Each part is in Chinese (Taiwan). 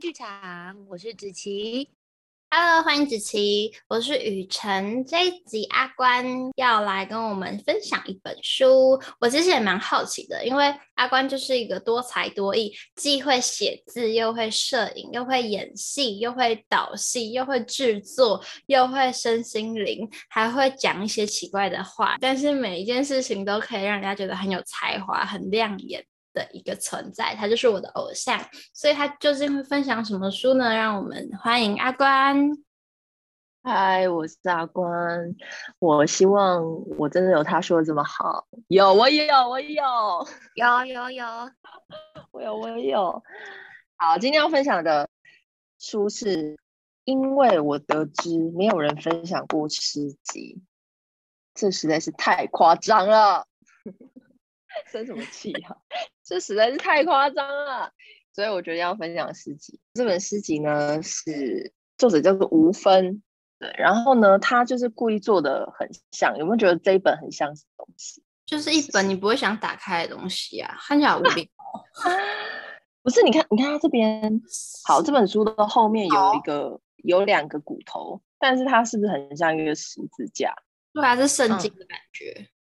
劇場，我是芷琪，Hello，歡迎芷琪，我是雨辰。這一集阿觀要來跟我們分享一本書，我其實也蠻好奇的，因為阿觀就是一個多才多藝，既會寫字，又會攝影，又會演戲，又會導戲，又會制作，又會身心靈，還會講一些奇怪的話，但是每一件事情都可以讓人家覺得很有才華，很亮眼。的一個存在，他就是我的偶像，所以他究竟會分享什麼書呢？讓我們歡迎阿觀。嗨，我是阿觀。我希望我真的有他說的這麼好。有，我也有，我也有，有，有，有， 我有，我也有。 好，今天要分享的書是，因為我得知沒有人分享過《詩集》，這實在是太誇張了。 生什麼氣呀、啊？ 這實在是太誇張了，所以我覺得要分享詩集。這本詩集呢，是作者叫做吳芬，對。然後呢，他就是故意做的很像。有沒有覺得這一本很像什麼東西？就是一本你不會想打開的東西啊。看起來有點…… 不是？你看，你看他這邊，好，這本書的後面有一個，好有兩個骨頭，但是它是不是很像一個十字架？對、啊，它是聖經的感覺。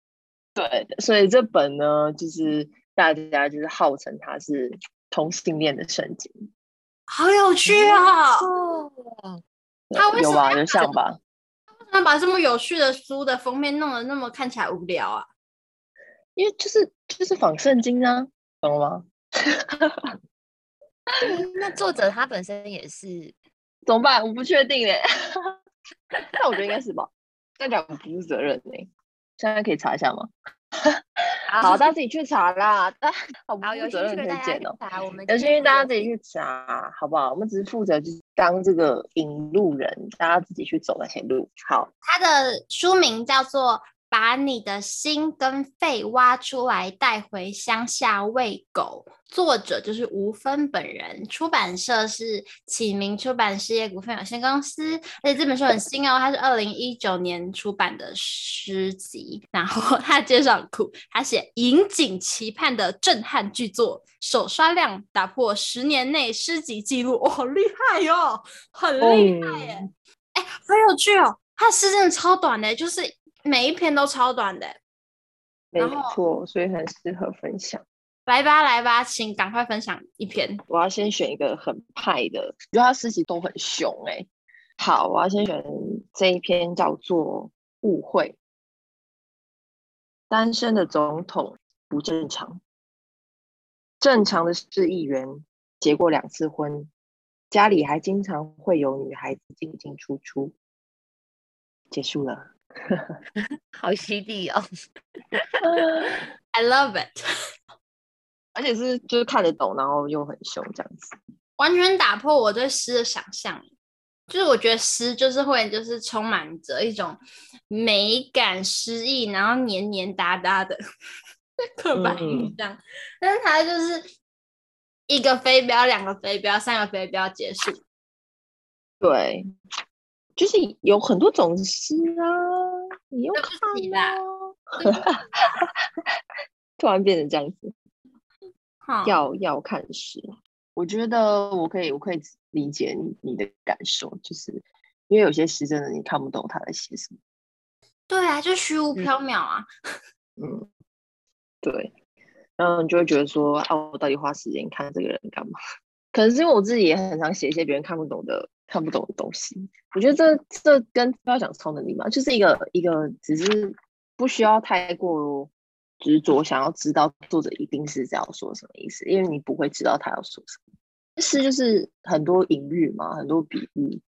對，所以這本呢，就是大家就是號稱它是同性戀的聖經，好有趣啊、哦！有耶為有像想吧？他為什麼要把，把這麼有趣的書的封面弄得那麼看起來無聊啊？因為就是就是仿聖經啊，懂了嗎？ 那作者他本身也是怎麼辦？我不確定哎，那 我覺得應該是吧。那講不負責任哎、欸。現在可以查一下嗎？好，大家自己去查啦。好，好責任，有興趣可以查。有興趣大家自己去查，好不好？我們只是負責就是當這個引路人，大家自己去走那些路。好，他的書名叫做。把你的心跟肺挖出來帶回鄉下餵狗。作者就是吳芬本人，出版社是啟明出版事業股份有限公司。而且這本書很新哦，它是二零一九年出版的詩集。然後它介紹很酷，它寫引頸期盼的震撼巨作，首刷量打破十年內詩集記錄。哦，好厲害喲、哦，很厲害耶！哎、oh. 欸，很有趣哦。它的詩真的超短的、欸，就是。每一篇都超短的、欸，沒錯，然後，所以很適合分享。來吧，來吧，請趕快分享一篇。我要先選一個很派的，主要他詩集都很兇誒、欸。好，我要先選這一篇，叫做《誤會》。單身的總統不正常，正常的是議員結過兩次婚，家裡還經常會有女孩子進進出出。結束了。 好犀利哦 ！I love it，而且是就是看得懂，然後又很兇這樣子，完全打破我對詩的想象。就是我覺得詩就是會就是充滿着一種美感詩意，然後黏黏噠噠的刻板印象。但是它就是一個飛鏢，兩個飛鏢，三個飛鏢結束。對。就是有很多種詩啊，你又看啦，啊， 突然變成這樣子，好要要看詩，我覺得我可以，我可以理解你你的感受，就是因為有些詩真的你看不懂他在寫什麼？對啊，就虛無縹緲啊嗯，嗯，對，然後你就會覺得說啊，我到底花時間看這個人幹嘛？可能是因為我自己也很想寫一些別人看不懂的。看不懂的東西，我覺得這這跟要講超能力嘛，就是一個一個，只是不需要太過執着，想要知道作者一定是這樣說什麼意思，因為你不會知道他要說什麼。詩就是很多隱喻嘛，很多比喻，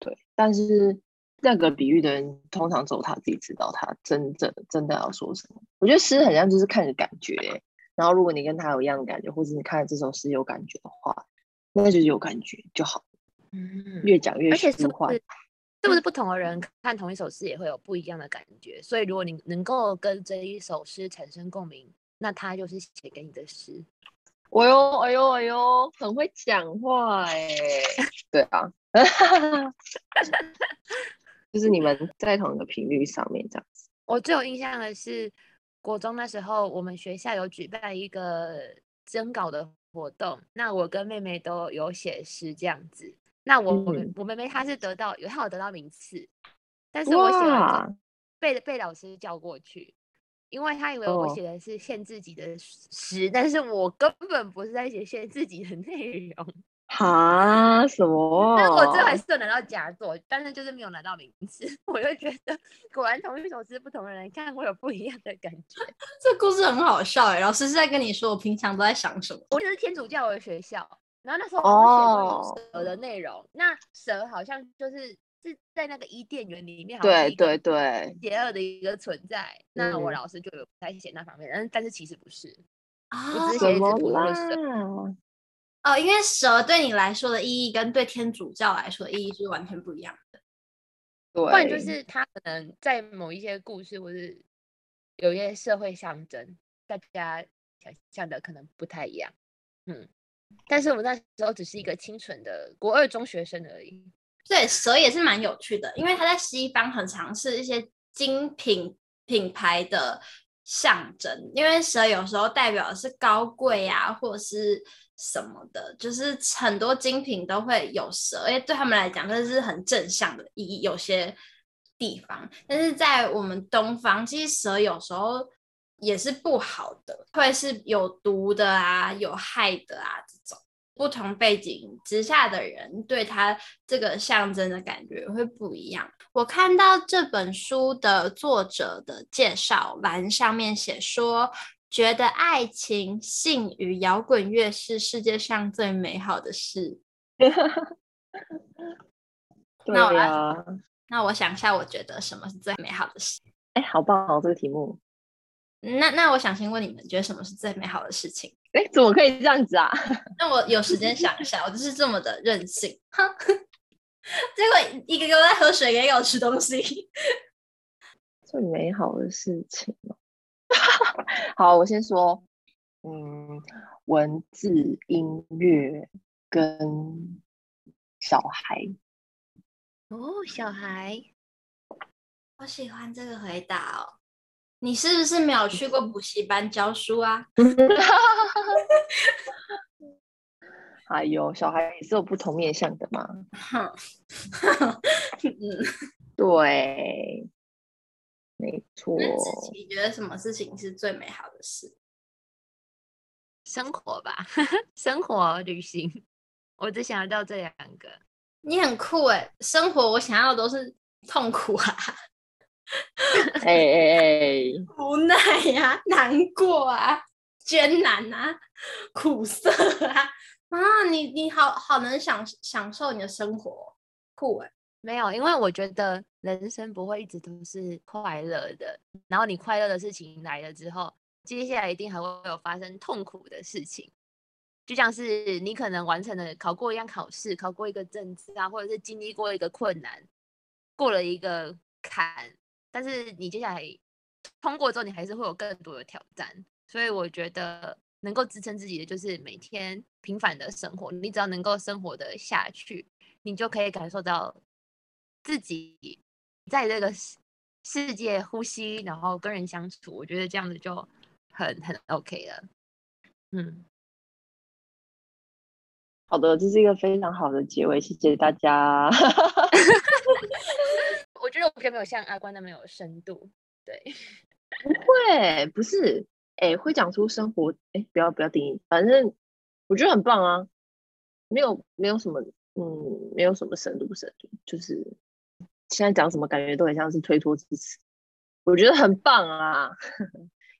對。但是那個比喻的人，通常只有他自己知道他真正真的要說什麼。我覺得詩很像就是看著感覺、欸，然後如果你跟他有一樣的感覺，或者你看這首詩有感覺的話，那就是有感覺就好。越講越嗯，越講越舒緩。是不是不同的人看同一首詩也會有不一樣的感覺？所以如果你能夠跟這一首詩產生共鳴，那它就是寫給你的詩。哎呦，哎呦，哎呦，很會講話哎、欸。對啊， 就是你們在同一個頻率上面這樣子。我最有印象的是國中那時候，我們學校有舉辦一個徵稿的活動，那我跟妹妹都有寫詩這樣子。那我、嗯、我妹妹她是得到有她有得到名次，但是我想被哇被老師叫過去，因為她以為我寫的是限自己的詩，哦、但是我根本不是在寫限自己的內容哈、啊，什麼？那我這還是能拿到佳作，但是就是沒有拿到名次，我就覺得果然同一首詩，不同的人看會有不一樣的感覺。這故事很好笑誒、欸，老師是在跟你說我平常都在想什麼？我就是天主教的學校。然後那時候我寫蛇的內容，oh. 那蛇好像就是是在那個伊甸園裡面對對對邪惡的一個存在。對對對那我老師就有在寫那方面，嗯、但是其實不是、oh, 我只是寫一隻普通的蛇。哦,哦，因為蛇對你來說的意義跟對天主教來說的意義是完全不一樣的。對，或者就是他可能在某一些故事，或是有一些社會象徵，大家想象的可能不太一樣。嗯。但是我們那時候只是一個清純的國二中學生而已。對，蛇也是蠻有趣的，因為他在西方很常是一些精品品牌的象徵，因為蛇有時候代表的是高貴啊，或者是什麼的，就是很多精品都會有蛇，因為對他們來講，這是很正向的意義，有些地方。但是在我們東方，其實蛇有時候。也是不好的，會是有毒的啊，有害的啊，這種不同背景之下的人對他這個象徵的感覺會不一樣。我看到這本書的作者的介紹欄上面寫說，覺得愛情、性與搖滾樂是世界上最美好的事。那我來，那我想一下，我覺得什麼是最美好的事？欸，好棒哦，這個題目。那那我想先問你們，覺得什麼是最美好的事情？哎、欸，怎麼可以這樣子啊？那我有時間想一想， 我就是這麼的任性，哼！結 果一個個在喝水，一個又吃東西。最美好的事情。 好，我先說，嗯，文字、音樂跟小孩。哦，小孩，我喜歡這個回答哦。你是不是沒有去過補習班教書啊？哈哈哈哈哈！哎呦，小孩也是有不同面相的嘛。 嗯，對，沒錯。你覺得什麼事情是最美好的事？生活吧，生活旅行。我只想到這兩個。你很酷哎，生活我想要的都是痛苦啊。哎，哎哎、 hey, hey, hey，無奈呀，難過啊，艱難啊，苦澀啊！啊，你你好好能享享受你的生活，酷哎、欸！沒有，因為我覺得人生不會一直都是快樂的。然後你快樂的事情來了之後，接下來一定還會有發生痛苦的事情。就像是你可能完成了考過一樣考試，考過一個證照啊，或者是經歷過一個困難，過了一個坎。但是你接下來通過之後，你還是會有更多的挑戰，所以我覺得能夠支撐自己的就是每天平凡的生活。你只要能夠生活的下去，你就可以感受到自己在這個世界呼吸，然後跟人相處。我覺得這樣子就很很 OK 了。嗯，好的，這是一個非常好的結尾，謝謝大家。 我覺得我並沒有像阿觀那麼有深度，對，不會，不是，哎、欸，會講出生活，哎、欸，不要不要定義，反正我覺得很棒啊，沒有沒有什麼，嗯，沒有什麼深度，深度，就是現在講什麼感覺都很像是推脫之詞，我覺得很棒啊，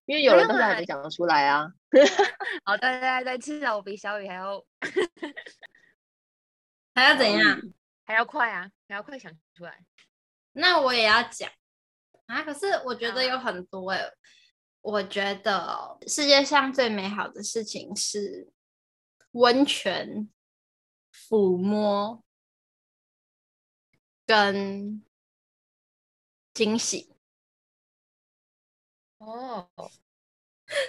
因為有人當然還沒講得出來啊，啊 好，大家再至少我比小雨還要 還要怎樣，嗯、還要快啊，還要快想出來。那我也要講啊！可是我覺得有很多哎、欸，oh. 我覺得世界上最美好的事情是溫泉、撫摸跟驚喜哦。Oh.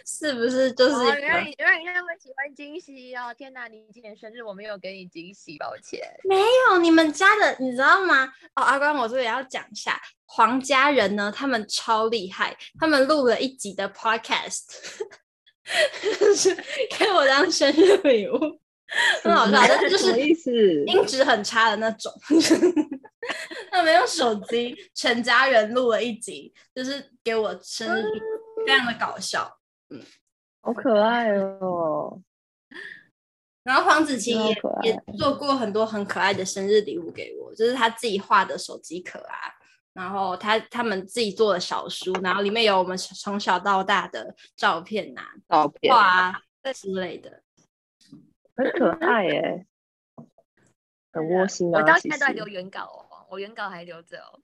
是不是，就是因為因為他們喜歡驚喜哦？天吶，你今年生日我沒有給你驚喜，抱歉。沒有，你們家的你知道嗎？哦，道嗎哦，阿觀，我這裡要講一下，黃家人呢，他們超厲害，他們錄了一集的 Podcast、就是給我當生日禮物， 很好笑，但就是音質很差的那種。 他們用手機，全家人錄了一集，就是給我生日禮物，嗯、非常的搞笑。嗯，好可愛哦、喔！然後黃芷琦也，也做過很多很可愛的生日禮物給我，就是他自己畫的手機殼啊，然後他他們自己做的小書，然後裡面有我們從小到大的照片吶、畫之類的，很可愛耶、欸，很窩心啊！ 我到現在都還在留原稿哦，我原稿還留着、哦。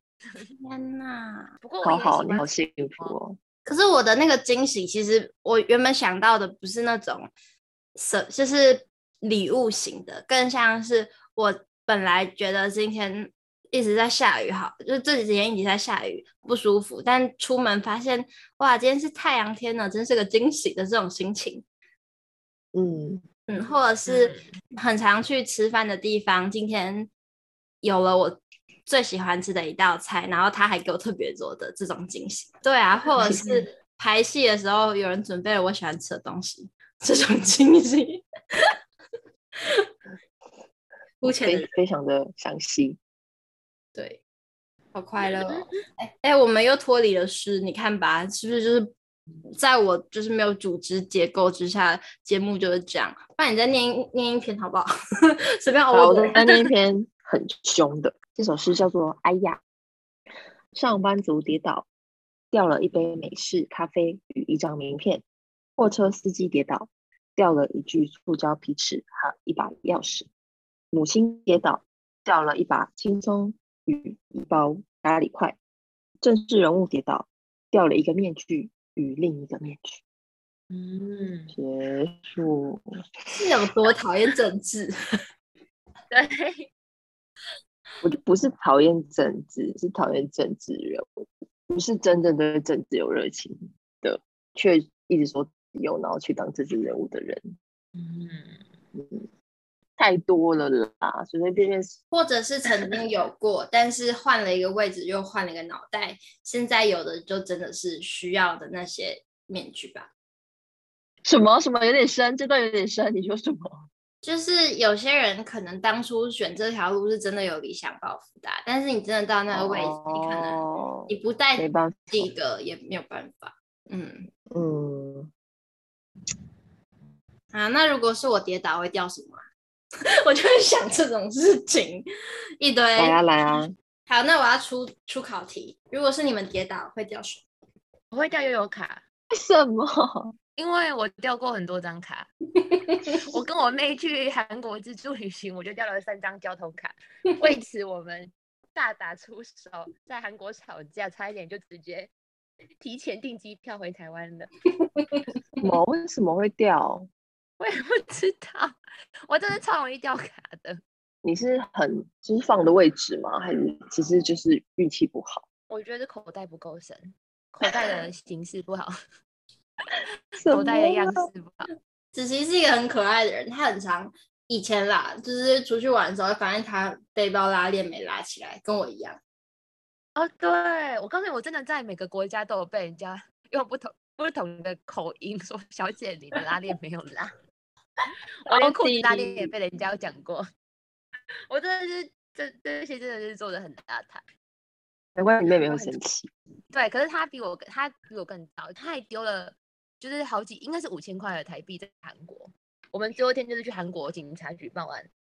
天哪！不過我好好，你好幸福哦。可是我的那個驚喜，其實我原本想到的不是那種是，就是禮物型的，更像是我本來覺得今天一直在下雨，好，就這幾天一直在下雨，不舒服，但出門發現哇，今天是太陽天了，真是個驚喜的這種心情。嗯嗯，或者是很常去吃飯的地方，今天有了我。最喜歡吃的一道菜，然後他還給我特別多的這種驚喜，對啊，或者是拍戲的時候有人準備了我喜歡吃的東西，這種驚喜， 嗯、目前非常的傷心。對，好快樂、哦，哎、欸、哎、欸，我們又脫離了詩，你看吧，是不是就是在我就是沒有組織結構之下，節目就是這樣，不然你再念念一篇好不好？ 隨便我，好我再念一篇很兇的。 這首詩叫做《哎呀》，上班族跌倒掉了一杯美式咖啡與一張名片；貨車司機跌倒掉了一具塑膠皮尺和一把鑰匙；母親跌倒掉了一把輕鬆與一包咖喱塊；政治人物跌倒掉了一個面具與另一個面具。嗯，結束是有多討厭政治？ 對。我就不是討厭政治，是討厭政治人物，不是真正對政治有熱情的，卻一直說有，然後去當政治人物的人，嗯，嗯，太多了啦，隨隨便便或者是曾經有過，但，但是換了一個位置，又換了一個腦袋，現在有的就真的是需要的那些面具吧？什麼什麼有點深，這段有點深，你說什麼？就是有些人可能當初選這條路是真的有理想抱負的，但是你真的到那個位置，oh, 你可能你不帶第一個也沒有辦法。嗯嗯。啊、嗯，那如果是我跌倒我會掉什麼、啊？ 我就會想這種事情一堆來、啊。來啊！好，那我要出出考題。如果是你們跌倒會掉什麼？我會掉悠遊卡。為什麼？因為我掉過很多張卡，我跟我妹去韓國自助旅行，我就掉了三張交通卡。為此，我們大打出手，在韓國吵架，差一點就直接提前訂機票回台灣了。什麼？為什麼會掉？我也不知道，我真的超容易掉卡的。你是很就是放的位置嗎？還是其實就是運氣不好？我覺得是口袋不夠深，口袋的形式不好。多帶、啊、的樣匙吧。芷琦是一個很可愛的人，她很常以前啦，就是出去玩的時候，發現她背包拉鏈沒拉起來，跟我一樣。哦，對，我告訴你，我真的在每個國家都有被人家用不同不同的口音說小姐，你的拉鏈沒有拉。 我褲子拉鏈也被人家講過。我真的是這這些真的是做的很邋遢，難怪你妹妹會生氣。對，可是她比我她比我更早，她還丟了。就是好幾，應該是五千塊的台幣在韓國。我們最後天就是去韓國警察局報案。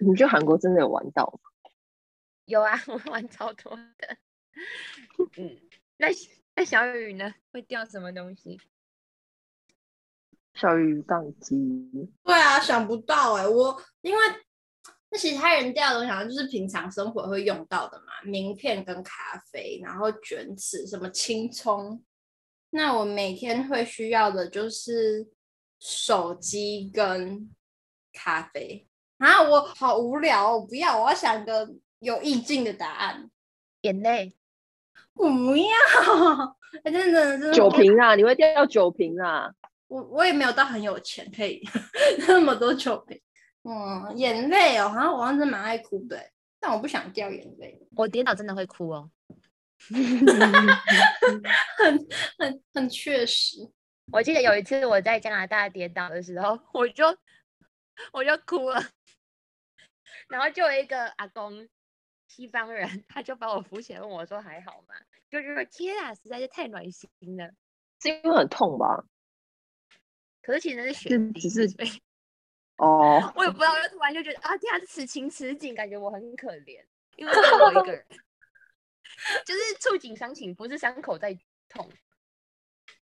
你去韓國真的有玩到嗎？有啊，我玩超多的。 嗯，那那小雨呢？會掉什麼東西？小雨相機。對啊，想不到哎、欸，我因為那其他人掉的，好像就是平常生活會用到的嘛，名片跟咖啡，然後卷尺，什麼青蔥。那我每天會需要的就是手機跟咖啡啊！我好無聊、哦，我不要！我要想個有意境的答案。眼淚淚，我不要、哦哎！真的真的酒瓶啊！我你會掉酒瓶啊？我我也沒有到很有錢，可以那 麼多酒瓶。嗯，眼淚哦，好像我好像蠻愛哭的、欸，但我不想掉眼淚。我跌倒真的會哭哦。 很很很確實。我記得有一次我在加拿大跌倒的時候，我就我就哭了。然後就有一個阿公，西方人，他就把我扶起來，問我說：“還好嗎？”就是說，天啊，實在是太暖心了。是因為很痛吧？可是其實那是雪地，是以哦，我也不知道，就突然就覺得啊，這樣、啊、此情此景，感覺我很可憐，因為只有我一個人。 就是觸景傷情，不是傷口在痛。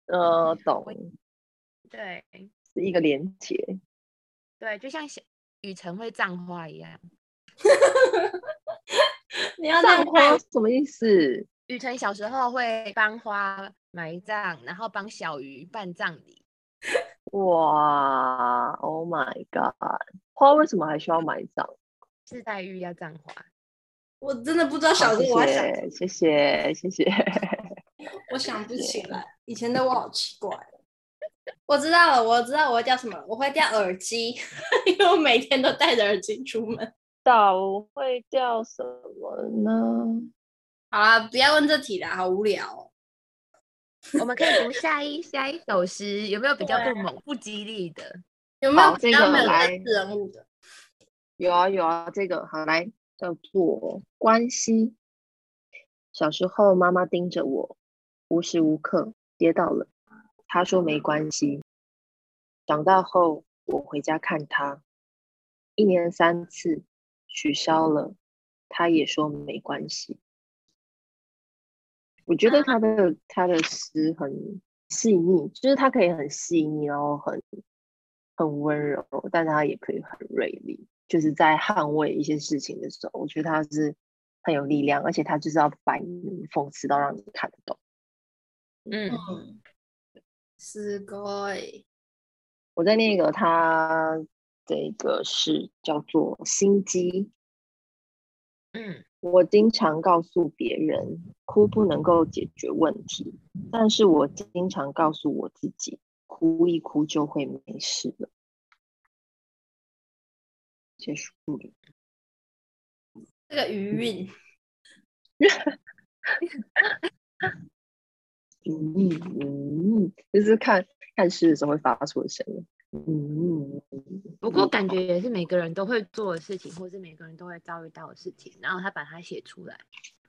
呃，懂。對，是一個連結。對，就像小雨晨會葬花一樣。 你要葬花，葬花什麼意思？雨晨小時候會幫花埋葬，然後幫小魚辦葬禮。哇，Oh my god！花為什麼還需要埋葬？是黛玉要葬花。我真的不知道小時好我想，謝謝謝謝，我想不起來謝謝，以前的我好奇怪。 我知道了，我知道我會掉什麼，我會掉耳機， 因為我每天都戴着耳機出門。到會掉什麼呢？好啦，不要問這題啦，好無聊哦。 我們可以讀下一下一首詩，有沒有比較不猛，對不激烈的？有沒有，沒有人物的？這個，有啊有啊，這個好來。叫做關係。小時候，媽媽盯着我，無時無刻。跌倒了，她說沒關係。長大後，我回家看她，一年三次，取消了，她也說沒關係。我覺得她的她的詩很細膩，就是她可以很細膩，然後很很溫柔，但是她也可以很銳利。就是在捍衛一些事情的時候，我覺得他是很有力量，而且他就是要反諷刺到讓你看得懂。嗯，是的。我在那個，他這一個是叫做心機。嗯，我經常告訴別人哭不能夠解決問題，但是我經常告訴我自己，哭一哭就會沒事了。結束這個餘韻，嗯 嗯，嗯嗯嗯，就是看看事的時候會發出的聲音，嗯嗯嗯。不過感覺也是每個人都會做的事情，或是每個人都會遭遇到的事情。然後他把它寫出來，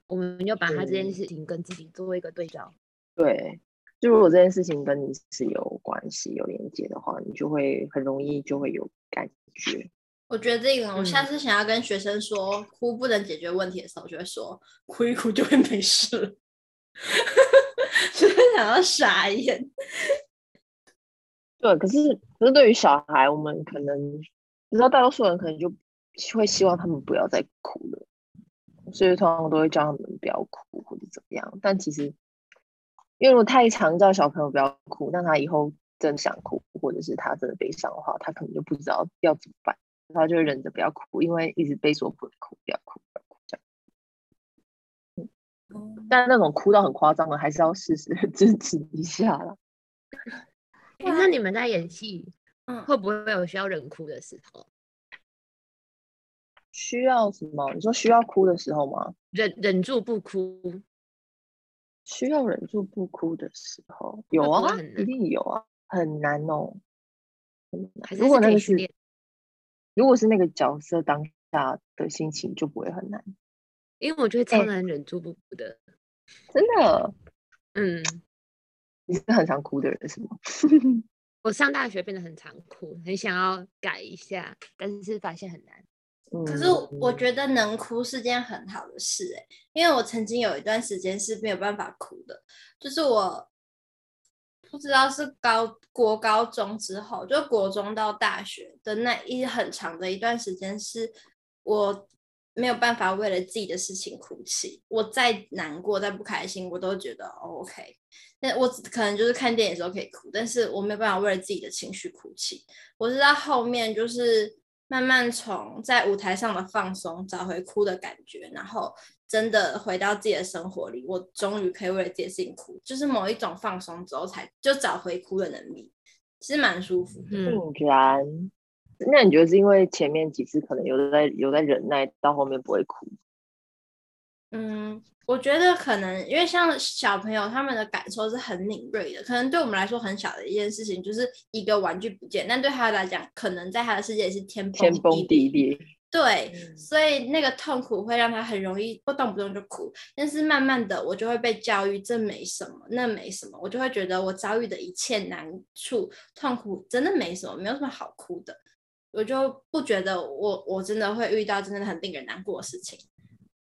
我們就把他這件事情跟自己做一個對照。對，就如果這件事情跟你是有關係、有連接的話，你就會很容易就會有感覺。我決定、這個，嗯、我下次想要跟學生說哭不能解決問題的時候，就會說哭一哭就會沒事了。是想要傻眼？對，可是可是對於小孩，我們可能知道，大多數人可能就會希望他們不要再哭了，所以通常我都會叫他們不要哭或者怎麼樣。但其實，因為我太常叫小朋友不要哭，那他以後真的想哭或者是他真的悲傷的話，他可能就不知道要怎麼辦。他就忍着不要哭，因為一直被說不哭，不要哭，不要哭，不要哭這樣。但那種哭到很誇張的，還是要試試堅持一下啦、欸、哇那你們在演戲，嗯、會不會有需要忍哭的時候？需要什麼？你說需要哭的時候嗎？忍忍住不哭。需要忍住不哭的時候，有啊，會會一定有啊，很難哦，難是是如果那個是。如果是那個角色當下的心情就不會很難，因為我覺得超難忍住不哭的、欸，真的，嗯，你是很常哭的人是嗎？ 我上大學變得很常哭，很想要改一下，但是，是發現很難。嗯、可是我覺得能哭是件很好的事哎、欸，因為我曾經有一段時間是沒有辦法哭的，就是我。不知道是高國高中之後，就國中到大學的那一很長的一段時間，是我沒有辦法為了自己的事情哭泣。我再難過、再不開心，我都覺得、哦、OK。那我可能就是看電影的時候可以哭，但是我沒有辦法為了自己的情緒哭泣。我是到後面，就是慢慢從在舞台上的放鬆，找回哭的感覺，然後。真的回到自己的生活裡，我終於可以為了這件事情哭。就是某一種放鬆之後才就找回哭的能力，其實蠻舒服。嗯，嗯，不然，那你覺得是因為前面幾次可能有在有在忍耐，到後面不會哭？嗯，我覺得可能因為像小朋友他們的感受是很敏銳的，可能對我們來說很小的一件事情，就是一個玩具不見，但對他來講，可能在他的世界是天崩地裂天崩地裂。對，嗯、所以那個痛苦會讓他很容易，不動不動就哭。但是慢慢的，我就會被教育，這沒什麼，那沒什麼，我就會覺得我遭遇的一切難處、痛苦真的沒什麼，沒有什麼好哭的。我就不覺得我我真的會遇到真的很令人難過的事情。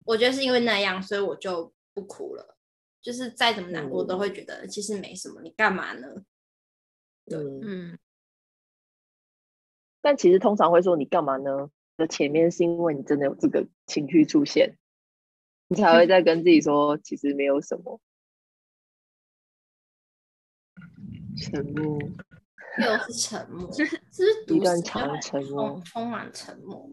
我覺得是因為那樣，所以我就不哭了。就是再怎麼難過，都會覺得其實沒什麼。你幹嘛呢？嗯嗯。對，嗯。但其實通常會說你幹嘛呢？前面是因為你真的有這個情緒出現，你才會再跟自己說，其實沒有什麼 沉默，又是沉默。 是是，就是一段長沉默，充滿沉默。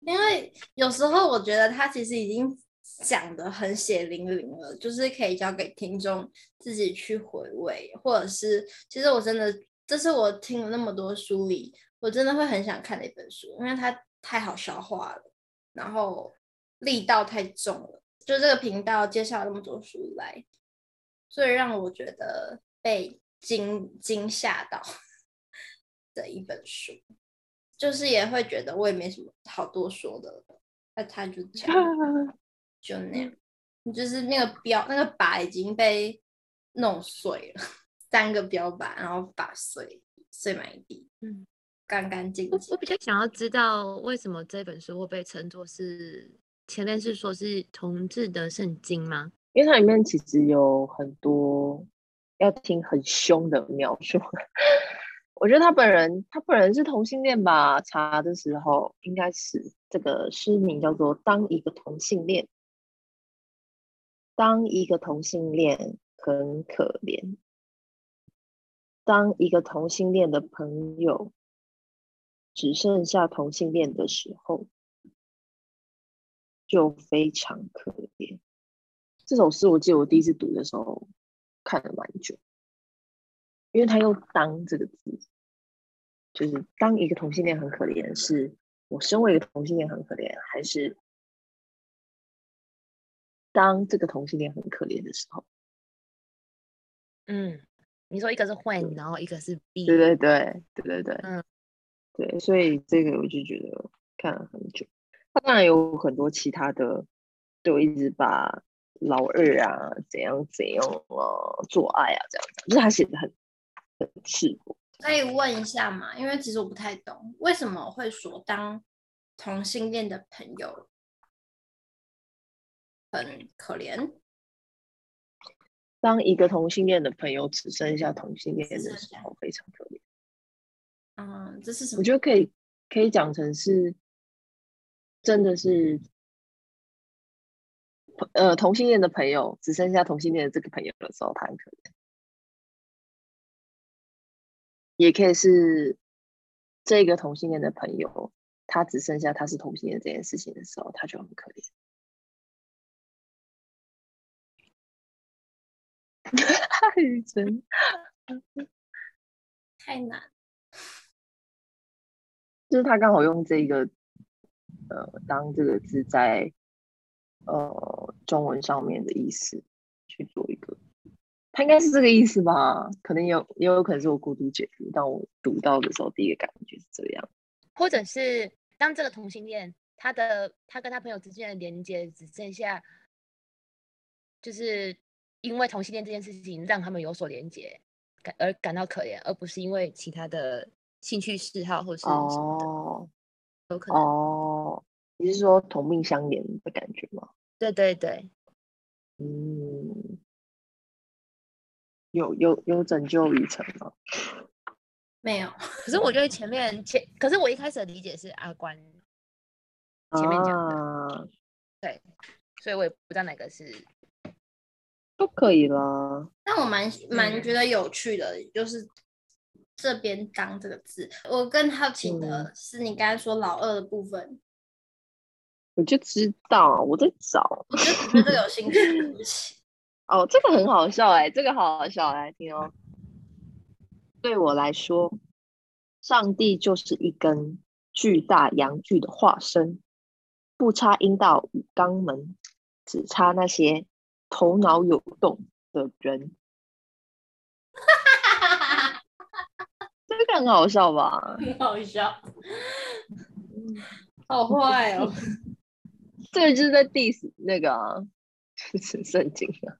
因為有時候我覺得他其實已經講的很血淋淋了，就是可以交給聽眾自己去回味，或者是其實我真的這是我聽了那麼多書裡。我真的會很想看那本書，因為它太好消化了，然後力道太重了。就這個頻道介紹那麼多書以來，最讓我覺得被驚驚嚇到的一本書，就是也會覺得我也沒什麼好多說的了。那他就講，就那樣，就是那個標那個靶已經被弄碎了，三個標靶然後靶碎碎滿一地，嗯。乾乾淨。我比較想要知道為什麼這本書會被稱作是前面是說是同志的聖經嗎？因為它裡面其實有很多要聽很兇的描述。 我覺得他本人，他本人是同性戀吧？查的時候應該是這個詩名叫做《當一個同性戀》，當一個同性戀很可憐，當一個同性戀的朋友。只剩下同性戀的時候，就非常可憐。這首詩我記得我第一次讀的時候看了蠻久，因為他又當這個字，就是當一個同性戀很可憐，是我身為一個同性戀很可憐，還是當這個同性戀很可憐的時候？嗯，你說一個是 when，然後一個是 be 對對對對對對，對對對嗯。對，所以這個我就覺得看了很久。他當然有很多其他的，就一直把老二啊怎樣怎樣呃、哦、做愛啊這樣子，就是他寫的很很赤裸。可以問一下嘛？因為其實我不太懂為什麼會說當同性戀的朋友很可憐，當一個同性戀的朋友只剩下同性戀的時候非常可憐？啊、嗯，這是什麼？我覺得可以，可以講成是，真的是，呃，同性戀的朋友只剩下同性戀的這個朋友的時候，他很可憐；也可以是這個同性戀的朋友，他只剩下他是同性戀這件事情的時候，他就很可憐。哈 雨晨 太難。就是他剛好用這個呃，當這個字在呃中文上面的意思去做一個，他應該是這個意思吧？可能也有也有可能是我過度解讀，但我讀到的時候第一個感覺是這樣，或者是當這個同性戀他的他跟他朋友之間的連接只剩下，就是因為同性戀這件事情讓他們有所連接感而感到可憐，而不是因為其他的。興趣嗜好或是什麼的，哦，有可能。哦，你是說同命相憐的感覺嗎？對對對，嗯，有有有拯救旅程嗎？沒有。可是我覺得前面前，可是我一開始的理解是阿關前面講的，啊、對，所以我也不知道哪個是都可以啦。但我蠻蠻覺得有趣的，嗯、就是。這邊當這個字，我更好奇的、嗯、是你剛才說老二的部分，我就知道我在找，我就覺得這個有興趣。哦，這個很好笑哎、欸，這個好好笑來聽哦。對我來說，上帝就是一根巨大陽具的化身，不插陰道與肛門，只插那些頭腦有洞的人。很好笑吧？很好笑， 好壞哦！ 這就是在 diss 那個、啊，是 聖經啊！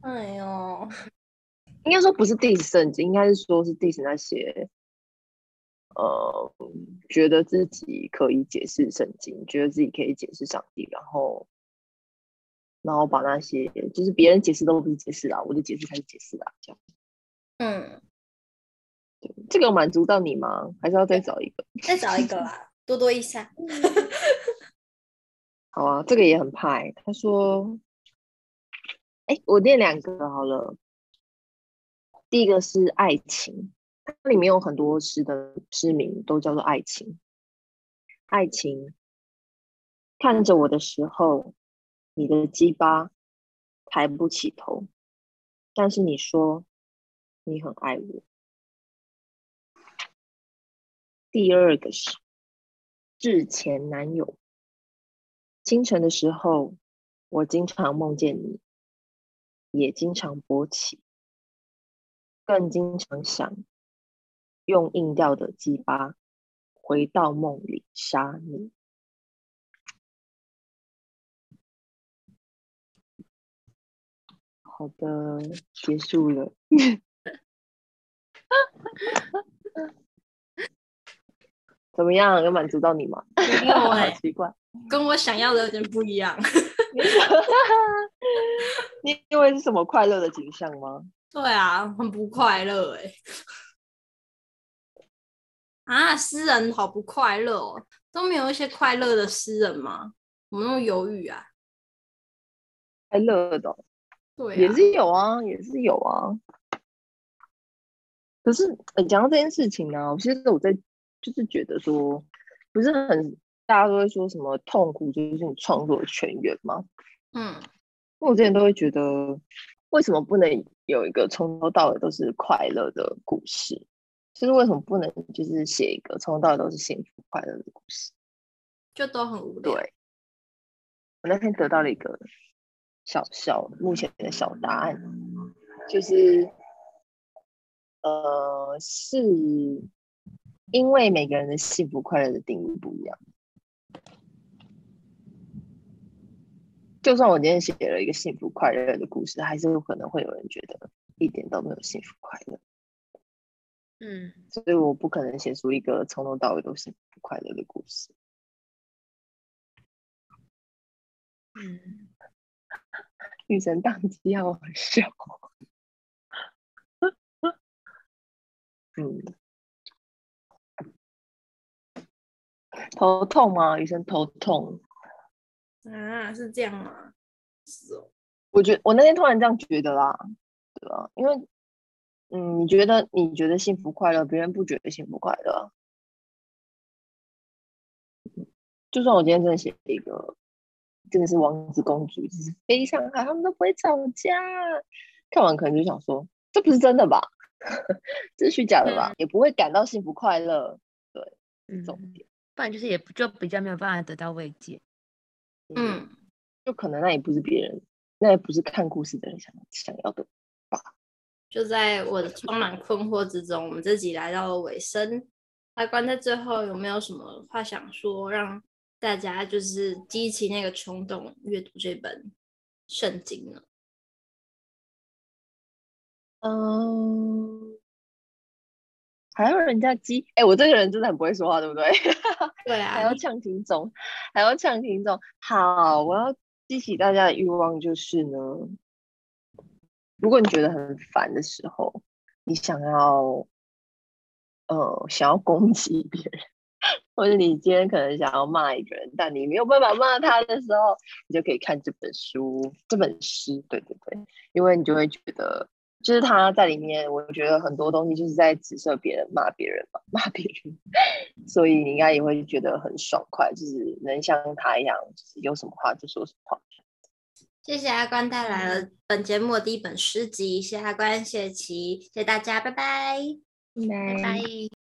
哎呦，應該說不是 diss 聖經，應該是說是 diss 那些呃，覺得自己可以解釋聖經，覺得自己可以解釋上帝，然後然後把那些就是別人解釋都不是解釋啊，我的解釋才是解釋啦、啊，這樣，嗯。這個滿足到你嗎？還是要再找一個？再找一個吧， 多多益善。 好啊，這個也很派、欸。他說：“哎、欸，我念兩個好了。第一個是愛情，它裡面有很多詩的詩名都叫做愛情。愛情看着我的時候，你的雞巴抬不起頭，但是你說你很愛我。”第二個是致前男友。清晨的時候，我經常夢見你，也經常勃起，更經常想用硬掉的雞巴回到夢裡殺你。好的，結束了。 怎麼樣？有滿足到你嗎？沒有、欸、 好奇怪，跟我想要的有點不一樣。 你以為是什麼快樂的景象嗎？對啊，很不快樂哎、欸。啊，詩人好不快樂哦，都沒有一些快樂的詩人嗎？我那有猶豫啊。快樂的、哦，對、啊，也是有啊，也是有啊。可是講、欸、到這件事情呢、啊，我現在我在。就是覺得說，不是很大家都會說什麼痛苦就是你創作的泉源嗎？嗯，因為我之前都會覺得，為什麼不能有一個從頭到尾都是快樂的故事？就是為什麼不能就是寫一個從頭到尾都是幸福快樂的故事？就都很無聊。對。我那天得到了一個小小目前的小答案，就是呃是，因為每個人的幸福快樂的定義不一樣，就算我今天寫了一個幸福快樂的故事，還是有可能會有人覺得一點都沒有幸福快樂。嗯，所以我不可能寫出一個從頭到尾都幸福快樂的故事。嗯， 女神當機要笑， 嗯。頭痛嗎？女生頭痛啊，是這樣嗎？是哦，我覺得我那天突然這樣覺得啦，對吧、啊？因為，嗯，你覺得你覺得幸福快樂，別人不覺得幸福快樂。就算我今天真的寫一個，真的是王子公主，這是非常好，他們都不會吵架。看完可能就想說，這不是真的吧？ 這是虛假的吧？嗯、也不會感到幸福快樂。對，嗯、重點。不然就是也就比較沒有辦法得到慰藉，嗯，就可能那也不是別人，那也不是看故事的人想想要的吧。就在我的充滿困惑之中，我們這集來到了尾聲。阿觀在最後有沒有什麼話想說，讓大家就是激起那個衝動閱讀這本聖經呢？嗯，還要人家激？哎、欸，我這個人真的很不會說話，對不對？對啊，還要嗆聽眾，還要嗆聽眾。好，我要激起大家的慾望就是呢，如果你覺得很煩的時候，你想要，呃，想要攻擊別人，或者你今天可能想要罵一個人，但你沒有辦法罵他的時候，你就可以看這本書，這本詩，對對對，因為你就會覺得。就是他在裡面，我覺得很多東西就是在指涉別人，罵別人嘛，罵別人， 所以你應該也會覺得很爽快，就是能像他一樣，就是有什麼話就說什麼。謝謝阿觀帶來了、嗯、本節目的第一本詩集，謝謝阿觀謝琦，謝謝大家，拜拜，拜拜。拜拜拜拜。